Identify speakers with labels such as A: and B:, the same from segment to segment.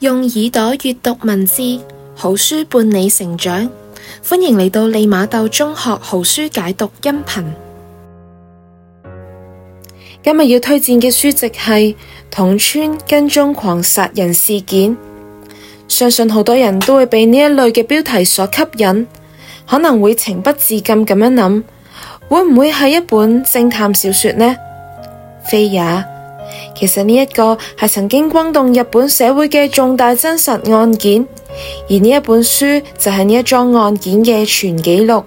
A: 用耳朵閱讀文字，好書伴你成長。歡迎嚟到利馬竇中學好書解讀音頻。今日要推薦嘅書籍係《桶川跟蹤狂殺人事件》，相信好多人都會被呢一類嘅標題所吸引，可能會情不自禁咁樣諗，會唔會係一本偵探小說呢？非也。其實呢一個係曾經轟動日本社會嘅重大真實案件，而呢一本書就係呢一樁案件嘅全紀錄，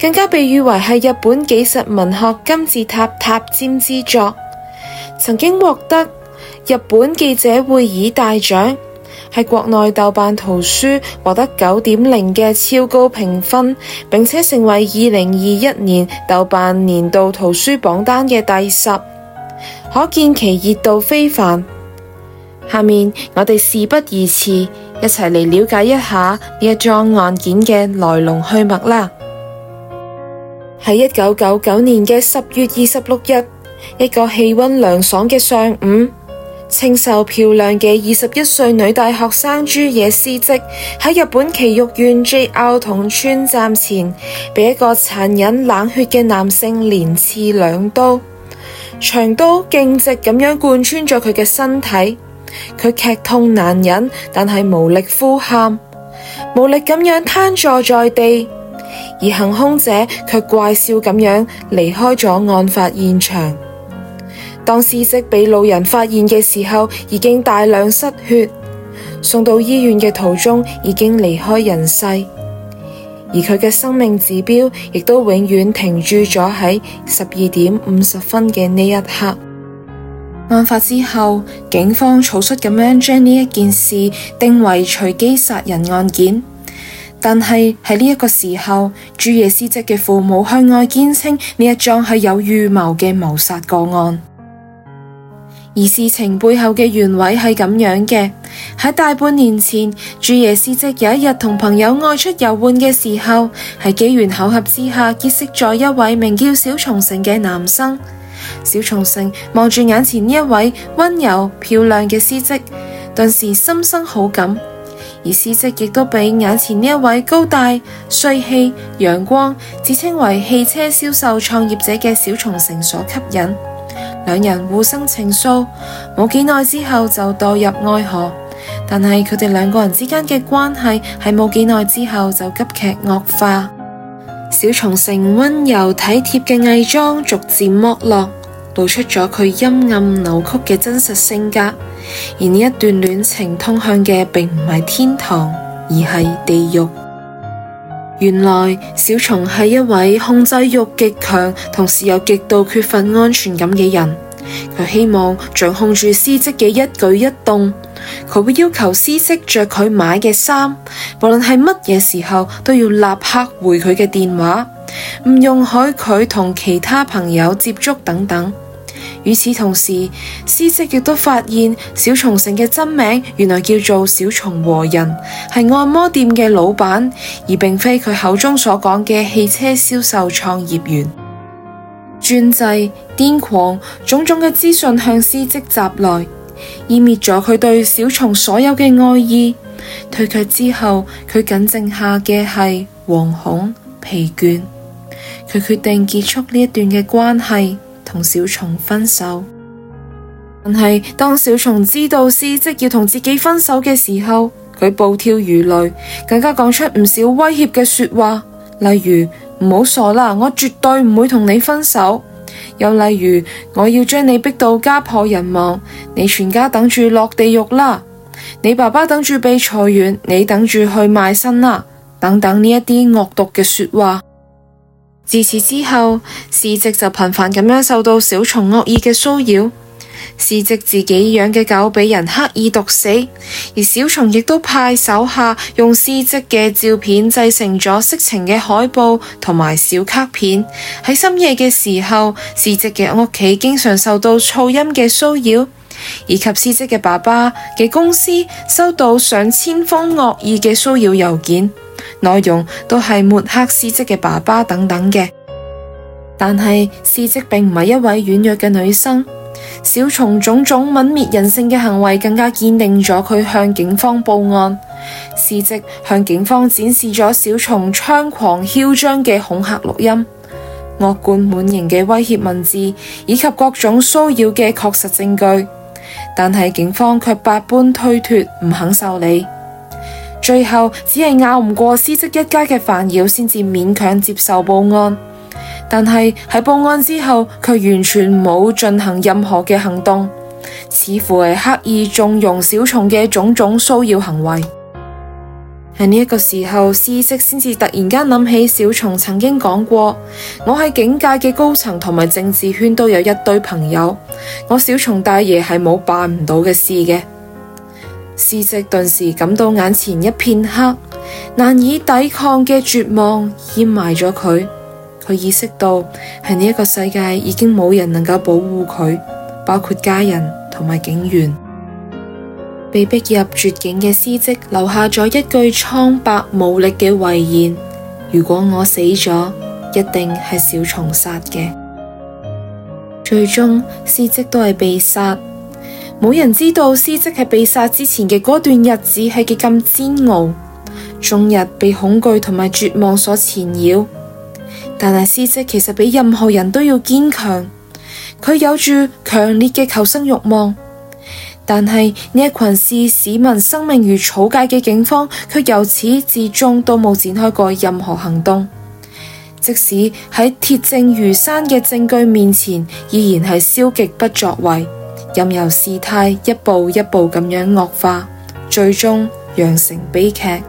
A: 更加被譽為係日本紀實文學金字塔塔尖之作，曾經獲得日本記者會議大獎，喺國內豆瓣圖書獲得九點零嘅超高評分，並且成為二零二一年豆瓣年度圖書榜單嘅第十。可見其熱度非凡。下面我哋事不宜遲，一齊嚟了解一下呢一樁案件嘅來龍去脈啦。喺一九九九年嘅十月二十六日，一個氣溫涼爽嘅上午，清秀漂亮嘅二十一歲女大學生豬野詩織喺日本埼玉縣 JR 桶川站前，被一個殘忍冷血嘅男性連刺兩刀。長刀徑直咁樣貫穿咗佢嘅身體，佢劇痛難忍，但係無力呼喊，無力咁樣癱坐在地，而行凶者卻怪笑咁樣離開咗案發現場。當事跡被路人發現嘅時候，已經大量失血，送到醫院嘅途中已經離開人世。而佢嘅生命指標亦都永遠停住咗喺十二點五十分嘅呢一刻。案發之後，警方草率咁樣將呢一件事定為隨機殺人案件，但係喺呢一個時候，豬野詩織嘅父母向外堅稱呢一樁係有預謀嘅謀殺個案。而事情背後嘅原委係咁樣嘅：喺大半年前，豬野詩織有一日同朋友外出遊玩嘅時候，喺機緣巧合之下結識咗一位名叫小松城嘅男生。小松城望住眼前呢一位溫柔漂亮嘅詩織，頓時心生好感。而詩織亦都俾眼前呢一位高大帥氣、陽光，自稱為汽車銷售創業者嘅小松城所吸引。兩人互生情愫，冇幾耐之後就墮入愛河，但係佢哋兩個人之間嘅關係喺冇幾耐之後就急劇惡化。小松成溫柔體貼嘅偽裝逐漸剝落，露出咗佢陰暗扭曲嘅真實性格。而呢一段戀情通向嘅並唔係天堂，而係地獄。原來小松係一位控制欲極強，同時又極度缺乏安全感嘅人。佢希望掌控住詩織嘅一舉一動，佢會要求詩織着佢買嘅衫，無論係乜嘢時候都要立刻回佢嘅電話，唔容許佢同其他朋友接觸等等。與此同時，詩織亦都發現小松誠嘅真名原來叫做小松和人，係按摩店嘅老闆，而並非佢口中所講嘅汽車銷售創業員。專制、癲狂，種種嘅資訊向詩織襲來，湮滅咗佢對小松所有嘅愛意。退卻之後，佢僅剩下嘅係惶恐、疲倦。佢決定結束呢一段嘅關係。同小松分手，但係當小松知道司職要同自己分手嘅時候，佢暴跳如雷，更加講出唔少威脅嘅說話，例如唔好傻啦，我絕對唔會同你分手；又例如我要將你逼到家破人亡，你全家等住落地獄啦，你爸爸等住被裁員，你等住去賣身啦，等等呢一啲惡毒嘅說話。自此之後，詩織就頻繁咁樣受到小松惡意嘅騷擾。詩織自己養嘅狗俾人刻意毒死，而小松亦都派手下用詩織嘅照片製成咗色情嘅海報同埋小卡片。喺深夜嘅時候，詩織嘅屋企經常受到噪音嘅騷擾。以及司職嘅爸爸嘅公司收到上千封惡意嘅騷擾郵件，內容都係抹黑司職嘅爸爸等等嘅。但係司職並唔係一位軟弱嘅女生，小松種種種泯滅人性嘅行為更加堅定咗佢向警方報案。司職向警方展示咗小松猖狂囂張嘅恐嚇錄音、惡貫滿盈嘅威脅文字，以及各種騷擾嘅確實證據。但係警方卻百般推脫，唔肯受理，最後只係拗唔過詩織一家嘅煩擾，先至勉強接受報案。但係喺報案之後，卻完全冇進行任何嘅行動，似乎係刻意縱容小松嘅種種騷擾行為。喺呢一個時候，司職先至突然間諗起小松曾經講過：我喺警界嘅高層同埋政治圈，都有一堆朋友，我小松大爺係冇辦唔到嘅事嘅。司職頓時感到眼前一片黑，難以抵抗嘅絕望掩埋咗佢。佢意識到，喺呢一個世界已經冇人能夠保護佢，包括家人同埋警員。被逼入絕境嘅詩織留下咗一句蒼白無力嘅遺言：如果我死咗，一定係小松殺嘅。最終，詩織都係被殺，冇人知道詩織係被殺之前嘅嗰段日子係幾咁煎熬，終日被恐懼同埋絕望所纏繞。但係詩織其實比任何人都要堅強，佢有住強烈嘅求生欲望。但係呢群視市民生命如草芥嘅警方，卻由始至終都冇展開過任何行動，即使喺鐵證如山嘅證據面前，依然係消極不作為，任由事態一步一步咁樣惡化，最終釀成悲劇。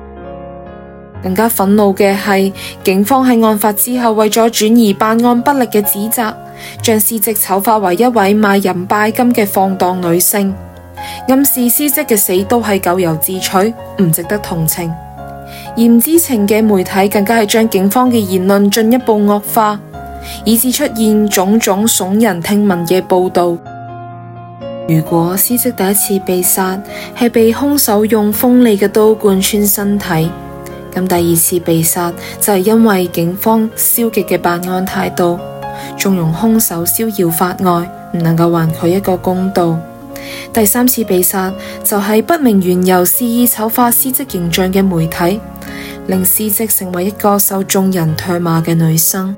A: 更加憤怒嘅係，警方喺案發之後為咗轉移辦案不力嘅指責，將事跡醜化為一位賣淫拜金嘅放蕩女性。暗示司職嘅死都係咎由自取，唔值得同情。而唔知情嘅媒體更加係將警方嘅言論進一步惡化，以致出現種種聳人聽聞嘅報道。如果司職第一次被殺係被凶手用鋒利嘅刀貫穿身體，咁第二次被殺就係、是、因為警方消極嘅辦案態度，縱容凶手逍遙法外，唔能夠還佢一個公道。第三次被殺就係、是、不明緣由肆意醜化司職形象嘅媒體，令司職成為一個受眾人唾罵嘅女生。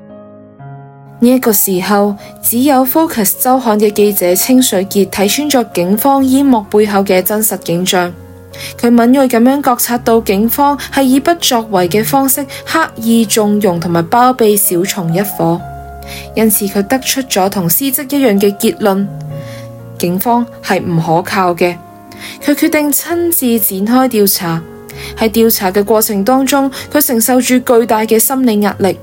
A: 呢、這、一個時候，只有 Focus 周刊嘅記者清水潔睇穿咗警方淹沒背後嘅真實景象。佢敏銳咁樣覺察到警方係以不作為嘅方式刻意縱容同埋包庇小蟲一伙，因此佢得出咗同司職一樣嘅結論。警方係唔可靠嘅，佢決定親自展開調查。喺調查嘅過程當中，佢承受住巨大嘅心理壓力，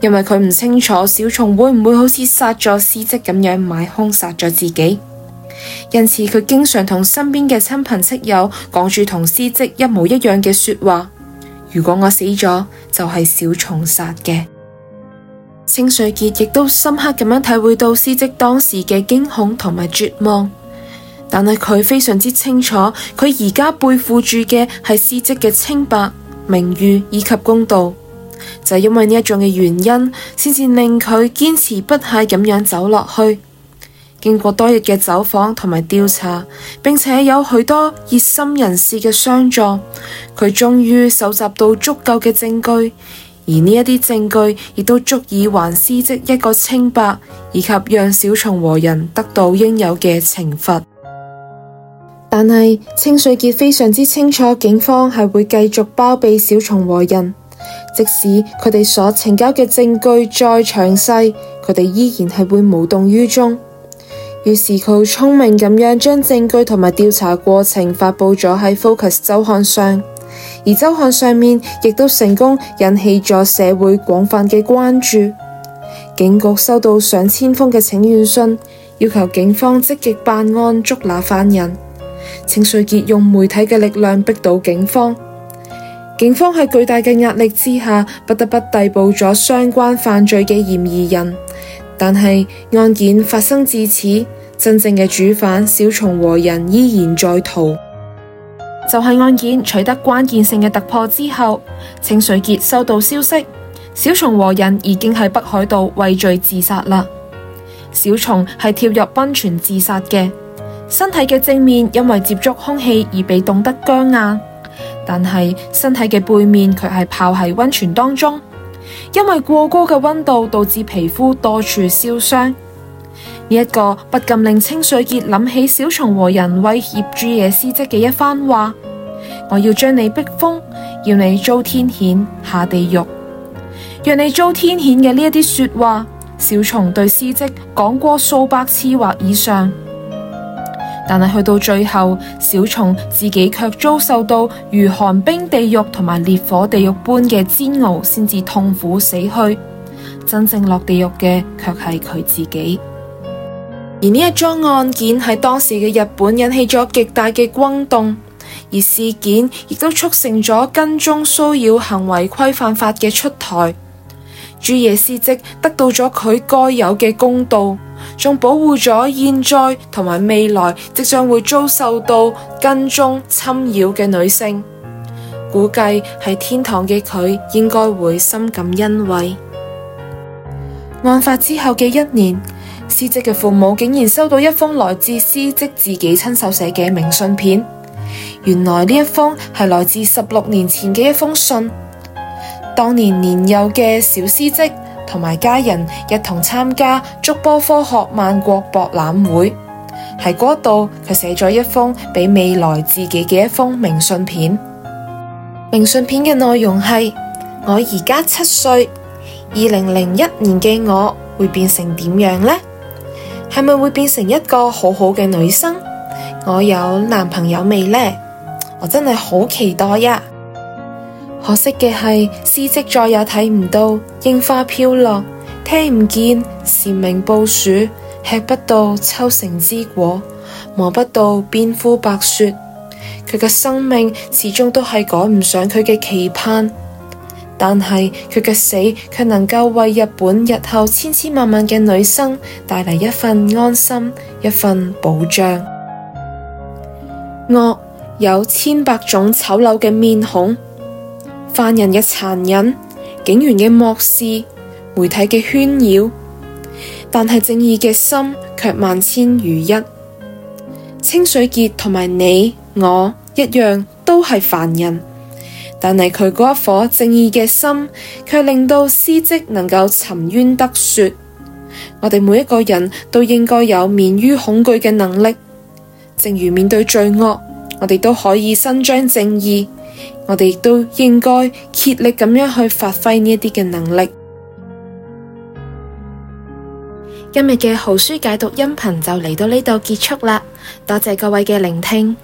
A: 因為佢唔清楚小松會唔會好似殺咗司職咁樣買兇殺咗自己。因此佢經常同身邊嘅親朋戚友講住同司職一模一樣嘅說話。如果我死咗，就係、是、小松殺嘅。清水潔亦都深刻咁樣體會到詩織當時嘅驚恐同埋絕望，但係佢非常之清楚，佢而家背負住嘅係詩織嘅清白、名譽以及公道，就係、是、因為呢一種嘅原因，先至令佢堅持不懈咁樣走落去。經過多日嘅走訪同埋調查，並且有許多熱心人士嘅相助，佢終於蒐集到足夠嘅證據。而呢一啲證據亦都足以還詩織一個清白，以及讓小松和人得到應有嘅懲罰。但係清水潔非常之清楚，警方係會繼續包庇小松和人，即使佢哋所呈交嘅證據再詳細，佢哋依然係會無動於衷。於是佢聰明咁樣將證據同埋調查過程發布咗喺 Focus 周刊上。而周刊上面亦都成功引起咗社會廣泛嘅關注，警局收到上千封嘅請願信，要求警方積極辦案捉拿犯人。程瑞杰用媒體嘅力量逼到警方，警方喺巨大嘅壓力之下，不得不逮捕咗相關犯罪嘅嫌疑人。但係案件發生至此，真正嘅主犯小松和人依然在逃。就係案件取得關鍵性嘅突破之後，清水潔收到消息，小松和人已經喺北海道畏罪自殺啦。小松係跳入溫泉自殺嘅，身體嘅正面因為接觸空氣而被凍得僵硬，但係身體嘅背面佢係泡喺溫泉當中，因為過高嘅溫度導致皮膚多處燒傷。呢一個不禁令清水潔諗起小松和人威脅豬野詩織嘅一番話。我要將你逼瘋，要你遭天譴下地獄，讓你遭天譴嘅呢一啲說話。小松對詩織講過數百次或以上，但係去到最後，小松自己卻遭受到如寒冰地獄同埋烈火地獄般嘅煎熬，先至痛苦死去。真正落地獄嘅，卻係佢自己。而呢一樁案件喺當時嘅日本引起咗極大嘅轟動，而事件亦都促成咗跟蹤騷擾行為規範法嘅出台。豬野詩織得到咗佢該有嘅公道，仲保護咗現在同埋未來即將會遭受到跟蹤侵擾嘅女性。估計喺天堂嘅佢應該會深感欣慰。案發之後嘅一年。司職嘅父母竟然收到一封來自司職自己親手寫嘅明信片，原來呢一封係來自十六年前嘅一封信。當年年幼嘅小司職同埋家人一同參加筑波科學萬國博覽會，喺嗰度佢寫咗一封俾未來自己嘅一封明信片。明信片嘅內容係：我而家七歲，二零零一年嘅我會變成點樣呢？係咪會變成一個好好嘅女生？我有男朋友未呢？我真係好期待呀！可惜嘅係，詩織再也睇唔到櫻花飄落，聽唔見蟬鳴報暑，吃不到秋成之果，摸不到遍佈白雪。佢嘅生命始終都係趕唔上佢嘅期盼。但係佢嘅死卻能夠為日本日後千千萬萬嘅女生帶嚟一份安心、一份保障。惡 有千百種醜陋嘅面孔，犯人嘅殘忍、警員嘅漠視、媒體嘅喧囂，但係正義嘅心卻萬千如一。清水潔同埋你我一樣，都係凡人。但係佢嗰一顆正義嘅心，卻令到司職能夠沉冤得雪。我哋每一個人都應該有免於恐懼嘅能力，正如面對罪惡，我哋都可以伸張正義。我哋亦都應該竭力咁樣去發揮呢一啲嘅能力。今日嘅好書解讀音頻就嚟到呢度結束啦，多謝各位嘅聆聽。